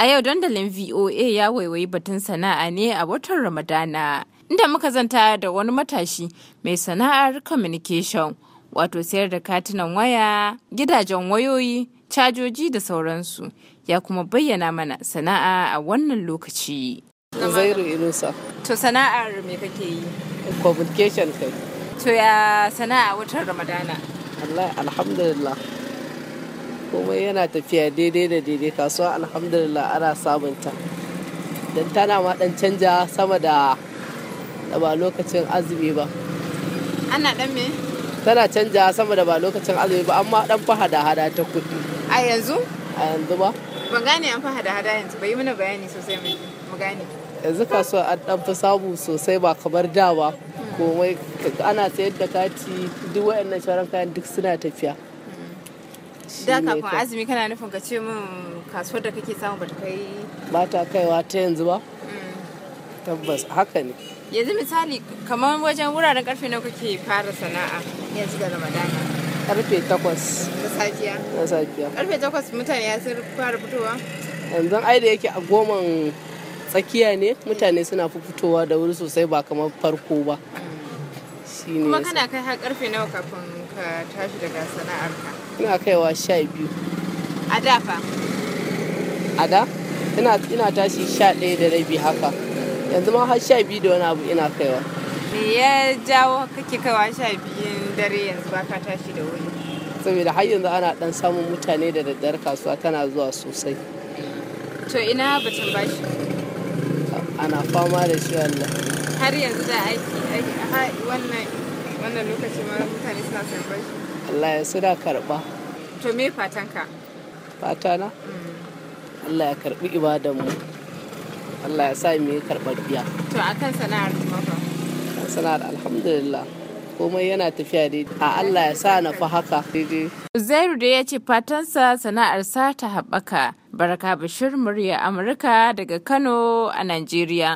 A yau dandalin VOA ya waiwayi batun sana'a ne a watan Ramadana, inda muka zanta da wani matashi mai sana'ar communication, wato sayar da katunan waya, gidajen wayoyi, cajoji da sauransu, ya kuma bayyana mana sana'a a wannan lokaci. Zairu Inusa. To sana'ar me kake yi? Communication kai. To ya sana'a watan Ramadana? Allah alhamdulillah. komai yana tafiya daidai da daidai kasuwa alhamdulillah ana sabunta don tana ma dan canja sama da da ba lokacin azumi ba ana dan me tana canja sama da ba lokacin azumi ba amma dan fa hada hada ta kuɗi a yanzu a yanzu ba ban gane an fa hada hada yanzu bai yi mana bayani sosai mu gane yanzu kasuwa an dan fi samu sosai ba kamar da ba hmm. komai ana sayar da kati duk waɗannan sharan kayan duk suna tafiya da kafin azumi kana nufin ka ce min kasuwar da kake samu bata kai ba ta kaiwa ta yanzu ba mm. tabbas haka ne yanzu misali kamar wajen wuraren karfe na kuke fara sana'a yanzu da ramadana karfe takwas da safiya da safiya karfe takwas mutane ya sun fara fitowa yanzu ai da yake a goman tsakiya ne mutane suna fitowa da wuri sosai ba kamar farko ba mm. kuma kana kai har karfe nawa kafin ka tashi daga sana'arka ina kaiwa sha biyu a da fa a da ina tashi sha ɗaya da rabi haka yanzu ma har sha biyu da wani abu ina kaiwa me ya jawo kake kaiwa sha biyun dare yanzu ba ka tashi da wuri saboda har yanzu ana dan samun mutane da daddare kasuwa tana zuwa sosai to ina batun bashi ana fama da shi wannan. har yanzu da aiki wannan wannan lokaci mara mutane suna son bashi Allah ya suna karɓa. to me fatanka fatana Allah ya karɓi ibadanmu Allah ya sa mu yi biya. to a kan sana'ar kuma fa sana'ar alhamdulillah komai yana tafiya dai a Allah ya sa na fa haka Zairu da ya ce fatansa sana'arsa ta haɓaka Baraka Bashir murya Amurka daga Kano a Najeriya